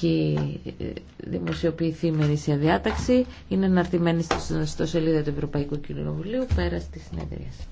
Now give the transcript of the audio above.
έχει ε, δημοσιοποιηθεί η μερίσια διάταξη. Είναι αναρτημένη στο σελίδα του Ευρωπαϊκού Κοινοβουλίου πέρα τη συνεδρίαση.